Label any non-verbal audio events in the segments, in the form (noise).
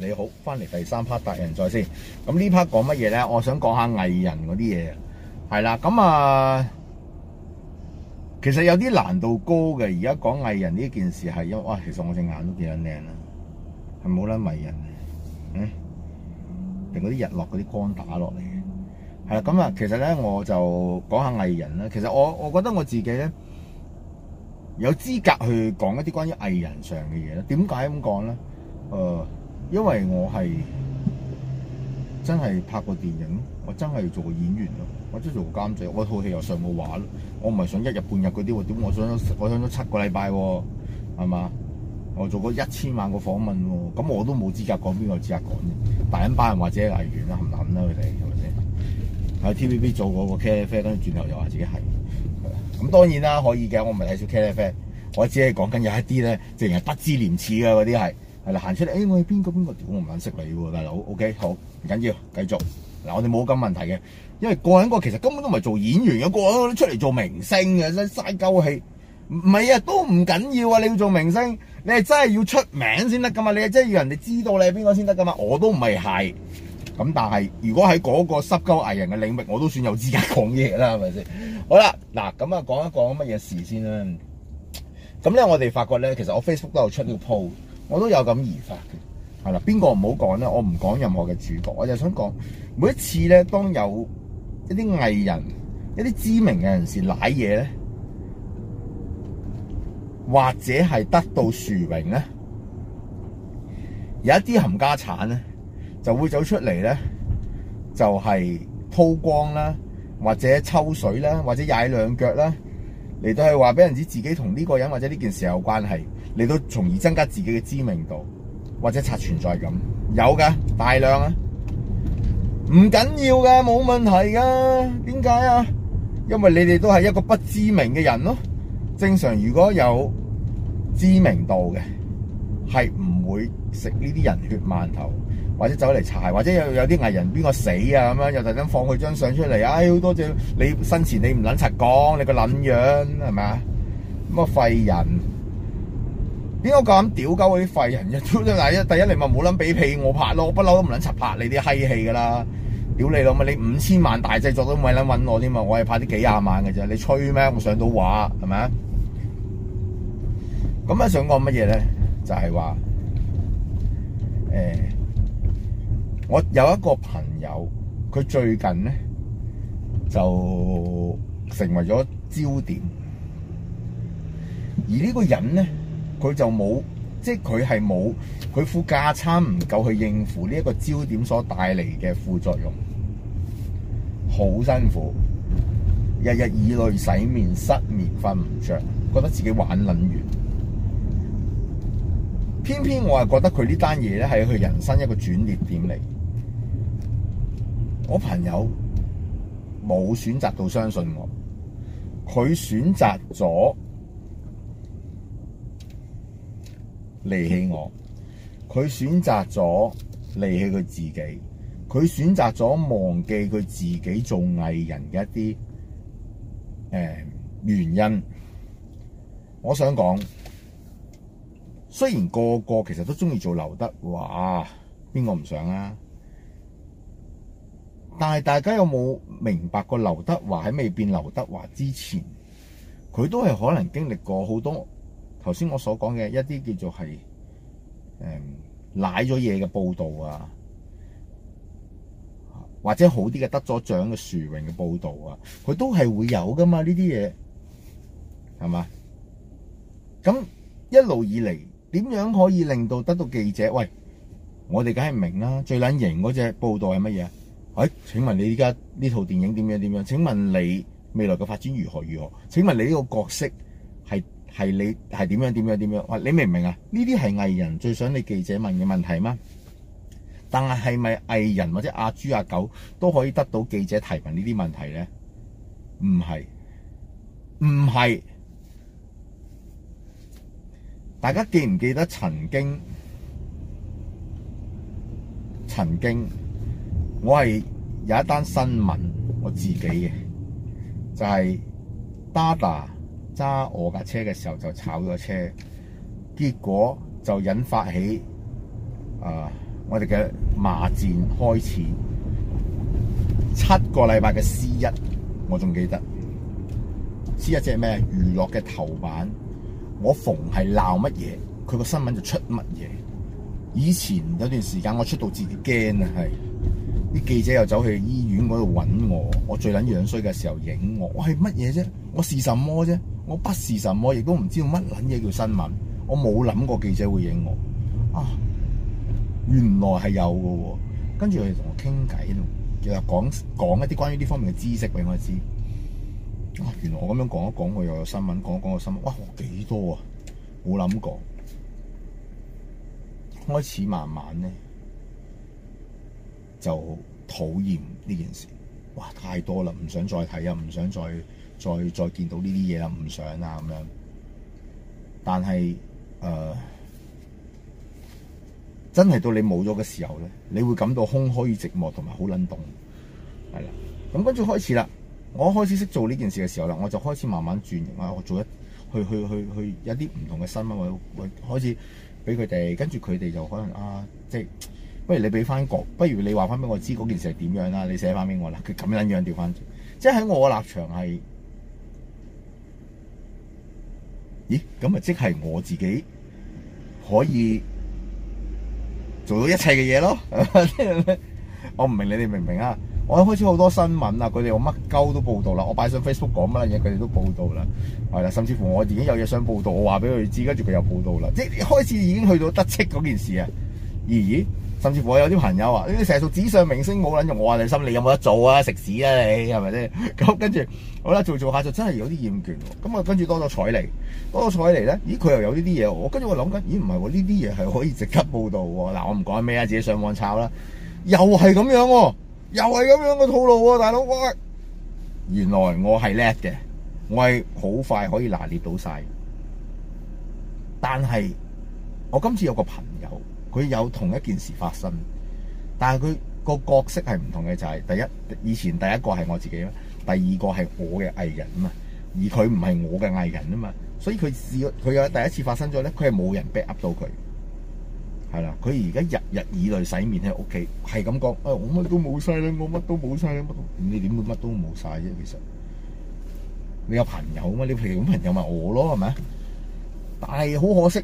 你好，翻嚟第三 part，達仁在線。咁呢 part 講乜嘢咧？我想講下藝人嗰啲嘢，係啦。咁啊，其實有啲難度高嘅。而家講藝人呢件事係因為，哇！其實我隻眼都幾撚靚啊，係冇撚迷人。嗯，定嗰啲日落嗰啲光打落嚟嘅，係啦。咁啊，其實咧，我就講下藝人啦。其實我我覺得我自己咧有資格去講一啲關於藝人上嘅嘢咧。點解咁講咧？誒。因為我係真係拍過電影，我真係做過演員咯，我真係做過監製。我套戲又上過畫，我唔係想一日半日嗰啲喎。點我想我想咗七個禮拜喎，係嘛？我做過一千萬個訪問喎，咁我都冇資格講，邊個資格講？大銀巴或者藝員啦，冚撚啦佢哋係咪先？喺 TVB 做過個茄喱啡，跟住轉頭又話自己係。咁當然啦，可以嘅，我唔係睇少茄喱啡，我只係講緊有一啲咧，淨係不知廉恥嘅嗰啲係。嚟行出嚟，哎，我係邊個邊個？我唔捻識你喎，大佬。OK，好，唔緊要，繼續。嗱，我哋冇咁問題嘅，因為個人哥其實根本都唔係做演員嘅哥，個都出嚟做明星嘅，真嘥鳩氣。唔係啊，都唔緊要啊，你要做明星，你係真係要出名先得噶嘛？你係真係要人哋知道你係邊個先得噶嘛？我都唔係係。咁但係，如果喺嗰個濕鳩藝人嘅領域，我都算有資格講嘢啦，係咪先？好啦，嗱，咁啊，講一講乜嘢事先啦。咁咧，我哋發覺咧，其實我 Facebook 都有出呢個鋪。我都有咁疑法嘅，係啦，邊個唔好講咧？我唔講任何嘅主角，我就想講，每一次咧，當有一啲藝人、一啲知名嘅人士瀨嘢咧，或者係得到殊榮咧，有一啲冚家鏟咧，就會走出嚟咧，就係、是、鋪光啦，或者抽水啦，或者踩兩腳啦，嚟到係話俾人知自己同呢個人或者呢件事有關係。你都從而增加自己嘅知名度，或者刷存在感，有嘅大量啊，唔緊要嘅，冇問題嘅。點解啊？因為你哋都係一個不知名嘅人咯。正常如果有知名度嘅，係唔會食呢啲人血饅頭，或者走嚟查，或者有有啲藝人邊個死啊咁樣，又特登放佢張相出嚟，哎，好多謝你，你生前你唔撚擦講，你個撚樣係咪啊？咁個廢人！點解我咁屌鳩嗰啲廢人？嗱，一第一你咪冇諗俾屁我拍咯，我不嬲都唔捻插拍你啲閪戲噶啦，屌你老味，你五千萬大製作都唔係捻搵我添嘛，我係拍啲幾廿萬嘅啫，你吹咩？我上到畫係咪啊？咁啊，想講乜嘢咧？就係、是、話，誒、欸，我有一個朋友，佢最近咧就成為咗焦點，而呢個人咧。佢就冇，即係佢係冇，佢副架撐唔夠去應付呢一個焦點所帶嚟嘅副作用，好辛苦，日日以淚洗面，失眠瞓唔着，覺得自己玩撚完。偏偏我係覺得佢呢單嘢咧係佢人生一個轉捩點嚟。我朋友冇選擇到相信我，佢選擇咗。離棄我，佢選擇咗離棄佢自己，佢選擇咗忘記佢自己做藝人嘅一啲誒、呃、原因。我想講，雖然個個其實都中意做劉德華，邊個唔想啊？但係大家有冇明白過劉德華喺未變劉德華之前，佢都係可能經歷過好多。頭先我所講嘅一啲叫做係誒瀨咗嘢嘅報導啊，或者好啲嘅得咗獎嘅殊榮嘅報導啊，佢都係會有㗎嘛？呢啲嘢係嘛？咁一路以嚟點樣可以令到得到記者？喂，我哋梗係明啦，最撚型嗰隻報導係乜嘢？喂、哎，請問你依家呢套電影點樣點樣？請問你未來嘅發展如何如何？請問你呢個角色？係你係點樣點樣點樣？喂，你明唔明啊？呢啲係藝人最想你記者問嘅問題嗎？但係係咪藝人或者阿豬阿狗都可以得到記者提問呢啲問題呢？唔係，唔係。大家記唔記得曾經，曾經我係有一單新聞我自己嘅，就係 Dada。揸我架車嘅時候就炒咗車，結果就引發起啊、呃、我哋嘅罵戰開始。七個禮拜嘅 C 一我仲記得，C 一即係咩娛樂嘅頭版，我逢係鬧乜嘢，佢個新聞就出乜嘢。以前有段時間我出到自己驚啊，係啲記者又走去醫院嗰度揾我，我最捻樣衰嘅時候影我，我係乜嘢啫？我是什麼啫？我不是什麼，亦都唔知道乜撚嘢叫新聞。我冇諗過記者會影我。啊，原來係有㗎喎。跟住佢同我傾偈，其實講講一啲關於呢方面嘅知識俾我知。啊，原來我咁樣講一講，我又有新聞講一講，我新聞。哇，幾多啊！冇諗過。開始慢慢咧，就討厭呢件事。哇，太多啦，唔想再睇啊，唔想再再再見到呢啲嘢啦，唔想啊咁樣。但係，誒、呃，真係到你冇咗嘅時候咧，你會感到空虛、寂寞同埋好冷凍，係啦。咁跟住開始啦，我開始識做呢件事嘅時候啦，我就開始慢慢轉型啊，我做一去去去去，去一啲唔同嘅新聞啊，我我開始俾佢哋，跟住佢哋就可能啊，即係。不如你俾翻個，不如你話翻俾我知嗰件事係點樣啦。你寫翻俾我啦。佢咁樣樣調翻，即係喺我嘅立場係，咦咁咪即係我自己可以做到一切嘅嘢咯。我唔明你哋明唔明啊？我一開始好多新聞啊，佢哋我乜鳩都報道啦。我擺上 Facebook 講乜嘢，佢哋都報道啦。係啦，甚至乎我已經有嘢想報道，我話俾佢知，跟住佢又報道啦。即係開始已經去到得戚嗰件事啊。咦？甚至乎我有啲朋友話，你成日做紙上明星冇撚用，我話你心理有冇得做啊？食屎啊！你係咪先？咁 (laughs) 跟住，好啦，做一做下就真係有啲厭倦。咁啊，跟住多咗彩嚟，多咗彩嚟咧，咦？佢又有呢啲嘢，我跟住我諗緊，咦？唔係喎，呢啲嘢係可以即刻報道喎。嗱，我唔講咩啊，自己上網抄啦。又係咁樣喎，啊，又係咁樣嘅套路喎，啊，大佬。喂，原來我係叻嘅，我係好快可以拿捏到晒。但係我今次有個朋佢有同一件事發生，但係佢個角色係唔同嘅，就係、是、第一以前第一個係我自己啦，第二個係我嘅藝人啊嘛，而佢唔係我嘅藝人啊嘛，所以佢試佢有第一次發生咗咧，佢係冇人 back up 到佢，係啦，佢而家日日以淚洗面喺屋企，係咁講，誒我乜都冇晒啦，我乜都冇晒啦，乜你點會乜都冇晒啫？其實你，有，你有朋友啊嘛，你有朋友咪我咯，係咪？但係好可惜。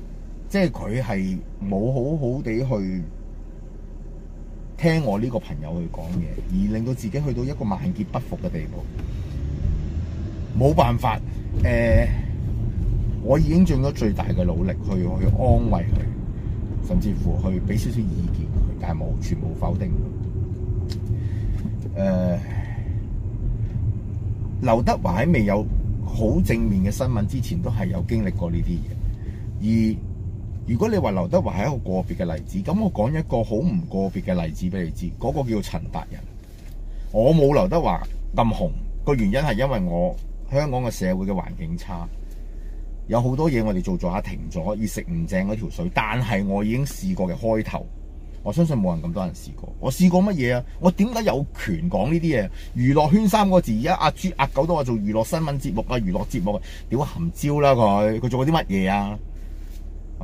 即係佢係冇好好地去聽我呢個朋友去講嘢，而令到自己去到一個萬劫不復嘅地步。冇辦法，誒、呃，我已經盡咗最大嘅努力去去安慰佢，甚至乎去俾少少意見佢，但係冇全部否定。誒、呃，劉德華喺未有好正面嘅新聞之前，都係有經歷過呢啲嘢，而。如果你話劉德華係一個個別嘅例子，咁我講一個好唔個別嘅例子俾你知，嗰、那個叫陳達仁。我冇劉德華咁紅，個原因係因為我香港嘅社會嘅環境差，有好多嘢我哋做做下停咗，以食唔正嗰條水。但係我已經試過嘅開頭，我相信冇人咁多人試過。我試過乜嘢啊？我點解有權講呢啲嘢？娛樂圈三個字，而家阿豬阿狗都話做娛樂新聞節目啊，娛樂節目啊，屌含蕉啦佢，佢做過啲乜嘢啊？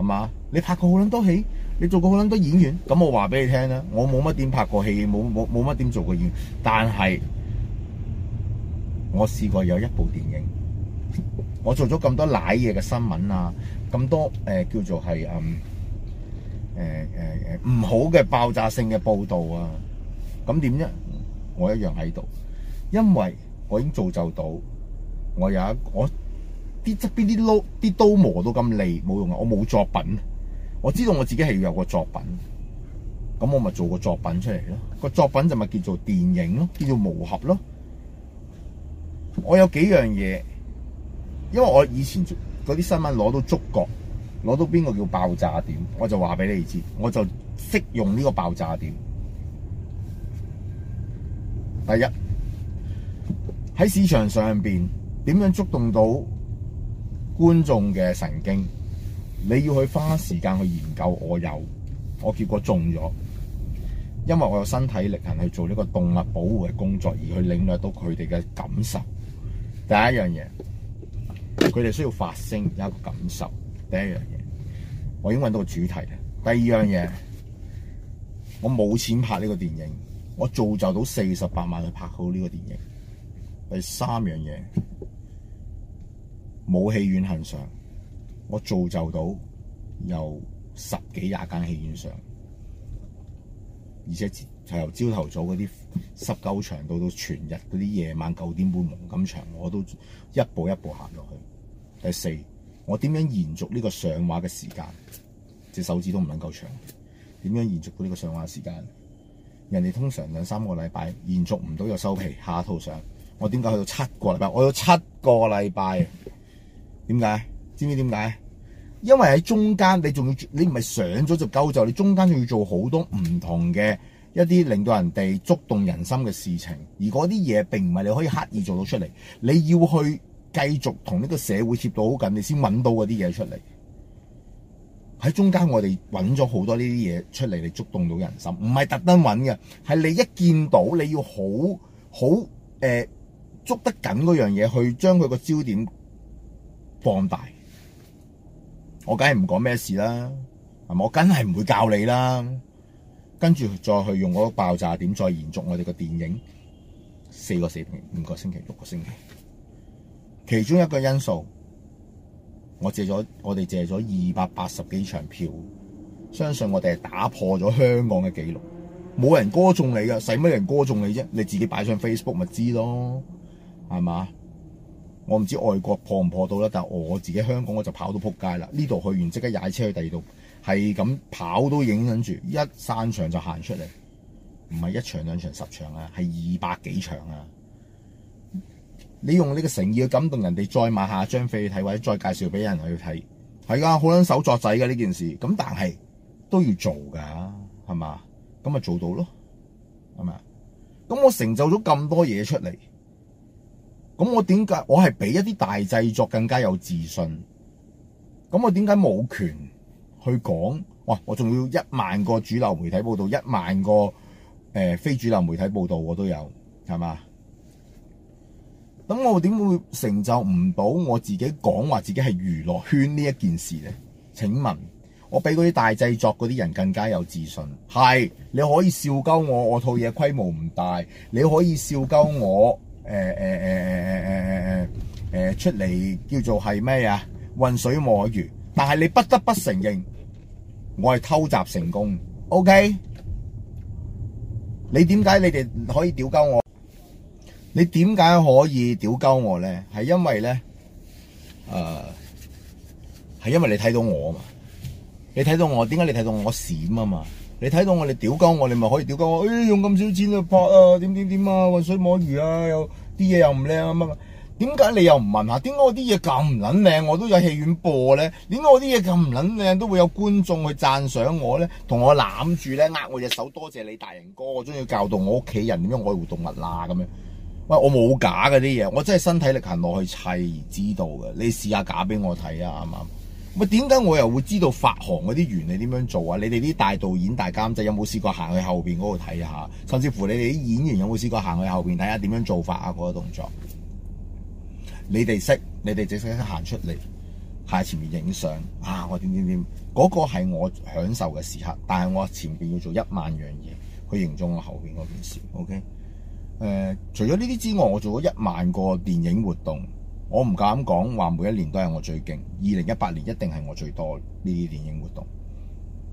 係嘛？你拍過好捻多戲，你做過好捻多演員，咁我話俾你聽啦，我冇乜點拍過戲，冇冇冇乜點做過演員，但係我試過有一部電影，我做咗咁多瀨嘢嘅新聞啊，咁多誒叫做係誒誒誒唔好嘅爆炸性嘅報道啊，咁點啫？我一樣喺度，因為我已經造就到我有一我。啲側邊啲刀，啲刀磨到咁利，冇用啊！我冇作品，我知道我自己係要有個作品，咁我咪做個作品出嚟咯。個作品就咪叫做電影咯，叫做磨合咯。我有幾樣嘢，因為我以前嗰啲新聞攞到觸覺，攞到邊個叫爆炸點，我就話俾你知，我就識用呢個爆炸點。第一喺市場上邊點樣觸動到觀眾嘅神經，你要去花時間去研究。我有，我結果中咗，因為我有身體力行去做呢個動物保護嘅工作，而去領略到佢哋嘅感受。第一樣嘢，佢哋需要發聲而一個感受。第一樣嘢，我已經揾到個主題。第二樣嘢，我冇錢拍呢個電影，我造就到四十八萬去拍好呢個電影。第三樣嘢。冇戲院行上，我造就到由十幾廿間戲院上，而且就由朝頭早嗰啲濕鳩場到到全日嗰啲夜晚九點半黃金場，我都一步一步行落去。第四，我點樣延續呢個上畫嘅時間？隻手指都唔能夠長。點樣延續到呢個上畫時間？人哋通常兩三個禮拜延續唔到，又收皮下一套上。我點解去到七個禮拜？我有七個禮拜。點解？知唔知點解？因為喺中間你仲要，你唔係上咗就夠就，你中間仲要做好多唔同嘅一啲令到人哋觸動人心嘅事情。而嗰啲嘢並唔係你可以刻意做到出嚟，你要去繼續同呢個社會貼到好近，你先搵到嗰啲嘢出嚟。喺中間我哋搵咗好多呢啲嘢出嚟，你觸動到人心，唔係特登搵嘅，係你一見到你要好好誒捉得緊嗰樣嘢，去將佢個焦點。放大，我梗係唔講咩事啦，係咪？我梗係唔會教你啦，跟住再去用嗰個爆炸點再延續我哋嘅電影，四個星期、五個星期、六個星期。其中一個因素，我借咗我哋借咗二百八十幾場票，相信我哋係打破咗香港嘅紀錄，冇人歌頌你噶，使乜人歌頌你啫？你自己擺上 Facebook 咪知咯，係嘛？我唔知外國破唔破到啦，但係我自己香港我就跑到撲街啦。呢度去完即刻踩車去第二度，係咁跑都影響住，一散場就行出嚟。唔係一場兩場十場啊，係二百幾場啊！你用呢個誠意去感動人哋，再買下張飛去睇，或者再介紹俾人去睇，係㗎、啊，好撚手作仔嘅呢件事。咁但係都要做㗎、啊，係嘛？咁咪做到咯，係咪啊？咁我成就咗咁多嘢出嚟。咁我點解我係比一啲大製作更加有自信？咁我點解冇權去講？喂，我仲要一萬個主流媒體報道，一萬個誒、呃、非主流媒體報道我都有，係嘛？咁我點會成就唔到我自己講話自己係娛樂圈呢一件事呢？請問，我比嗰啲大製作嗰啲人更加有自信？係，你可以笑鳩我，我套嘢規模唔大，你可以笑鳩我。 (laughs) 誒誒誒誒誒誒誒誒誒出嚟叫做係咩啊？渾水摸魚，但係你不得不承認，我係偷襲成功。OK，你點解你哋可以屌鳩我？你點解可以屌鳩我咧？係因為咧，誒、呃，係因為你睇到我嘛？你睇到我，點解你睇到我閃啊嘛？你睇到我哋屌鳩我，你咪可以屌鳩我。哎，用咁少錢去拍啊，點點點啊，渾水摸魚啊，有又啲嘢又唔靚啊乜乜。點解你又唔問下？點解我啲嘢咁撚靚？我都有戲院播咧。點解我啲嘢咁撚靚都會有觀眾去讚賞我咧？同我攬住咧，握我隻手，多謝你達仁哥。我中意教導我屋企人點樣愛護動物啦、啊、咁樣。喂，我冇假嘅啲嘢，我真係身體力行落去砌而知道嘅。你試下假俾我睇啊，啱唔啱？咪點解我又會知道發行嗰啲原理點樣做啊？你哋啲大導演大監製有冇試過行去後邊嗰度睇下？甚至乎你哋啲演員有冇試過行去後邊睇下點樣做法啊？嗰個動作，你哋識，你哋淨係識行出嚟喺前面影相啊！我點點點嗰個係我享受嘅時刻，但係我前邊要做一萬樣嘢去形中我後邊嗰件事。OK，誒、呃，除咗呢啲之外，我做咗一萬個電影活動。我唔夠膽講話每一年都係我最勁。二零一八年一定係我最多呢啲電影活動。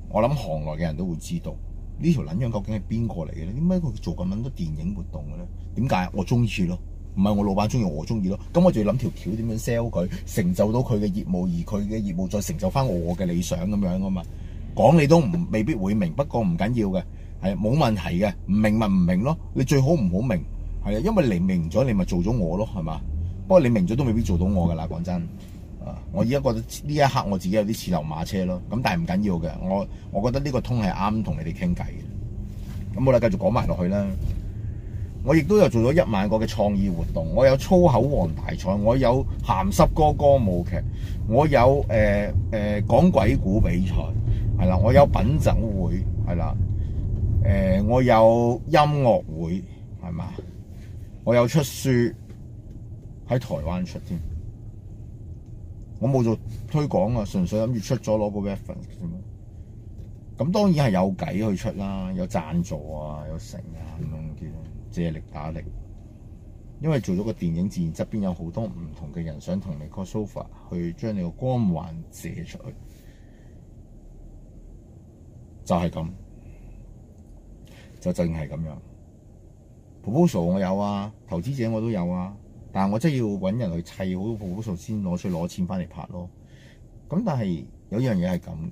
我諗行內嘅人都會知道呢條撚樣究竟係邊個嚟嘅咧？點解佢做咁撚多電影活動嘅咧？點解？我中意咯，唔係我老闆中意，我中意咯。咁我就要諗條橋點樣 sell 佢，成就到佢嘅業務，而佢嘅業務再成就翻我嘅理想咁樣啊嘛。講你都唔未必會明，不過唔緊要嘅，係冇問題嘅。唔明咪唔明咯，你最好唔好明，係啊，因為你明咗你咪做咗我咯，係嘛？不過你明咗都未必做到我噶啦，講真，啊！我而家覺得呢一刻我自己有啲似流馬車咯，咁但係唔緊要嘅，我我覺得呢個通係啱同你哋傾偈。咁我哋繼續講埋落去啦。我亦都有做咗一萬個嘅創意活動，我有粗口王大賽，我有鹹濕歌歌舞劇，我有誒誒、呃呃、講鬼故比賽，係啦，我有品酒會，係啦，誒、呃、我有音樂會，係嘛？我有出書。喺台灣出添，我冇做推廣啊，純粹諗住出咗攞個 reference 啫嘛。咁當然係有去出有贊助啊，有成啊咁樣嘅借力打力。因為做咗個電影節，側邊有好多唔同嘅人想同你 cross over，去將你個光環借出去，就係、是、咁，就盡係咁樣 proposal 我有啊，投資者我都有啊。但我真係要揾人去砌好多部數先攞出攞錢翻嚟拍咯。咁但係有一樣嘢係咁嘅，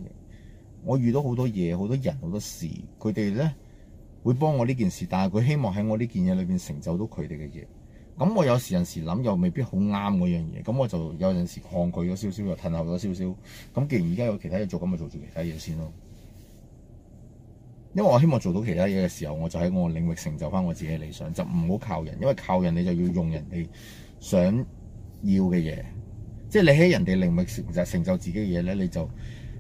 我遇到好多嘢、好多人、好多事，佢哋咧會幫我呢件事，但係佢希望喺我呢件嘢裏邊成就到佢哋嘅嘢。咁我有時有時諗又未必好啱嗰樣嘢，咁我就有陣時抗拒咗少少，又退後咗少少。咁既然而家有其他嘢做，咁咪做住其他嘢先咯。因為我希望做到其他嘢嘅時候，我就喺我領域成就翻我自己嘅理想，就唔好靠人。因為靠人，你就要用人哋想要嘅嘢。即係你喺人哋領域成就成就自己嘅嘢呢，你就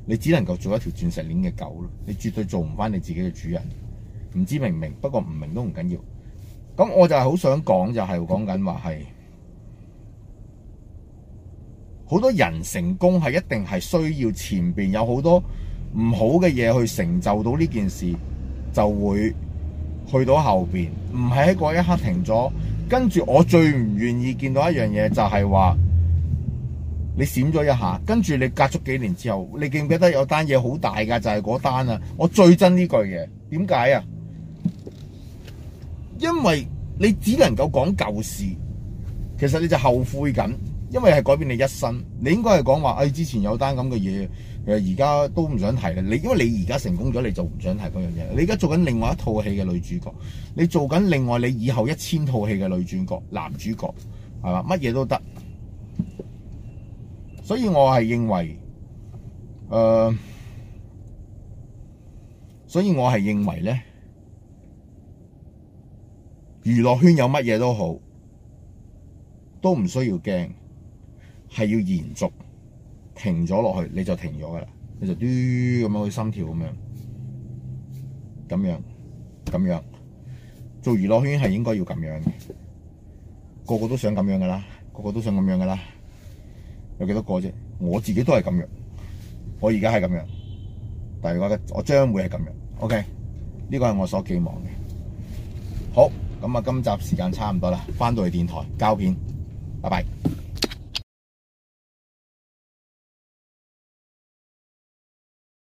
你只能夠做一條鑽石鏈嘅狗咯，你絕對做唔翻你自己嘅主人。唔知明唔明？不過唔明都唔緊要。咁我就係好想講、就係，就係講緊話係，好多人成功係一定係需要前邊有好多唔好嘅嘢去成就到呢件事，就會去到後邊，唔係喺嗰一刻停咗。跟住我最唔願意見到一樣嘢就係話你閃咗一下，跟住你隔咗幾年之後，你記唔記得有單嘢好大㗎？就係嗰單啊！我最憎呢句嘢，點解啊？因為你只能夠講舊事，其實你就後悔緊，因為係改變你一生。你應該係講話，哎，之前有單咁嘅嘢。誒，而家都唔想提啦，你因為你而家成功咗，你就唔想提嗰樣嘢。你而家做緊另外一套戲嘅女主角，你做緊另外你以後一千套戲嘅女主角、男主角，係嘛？乜嘢都得。所以我係認為，誒、呃，所以我係認為咧，娛樂圈有乜嘢都好，都唔需要驚，係要延續。停咗落去，你就停咗噶啦，你就嘟咁樣去心跳咁樣，咁樣，咁樣，做娛樂圈係應該要咁樣嘅，個個都想咁樣噶啦，個個都想咁樣噶啦，有幾多個啫？我自己都係咁樣，我而家係咁樣，但係我咧，我將會係咁樣，OK，呢個係我所寄望嘅。好，咁啊，今集時間差唔多啦，翻到去電台交片，拜拜。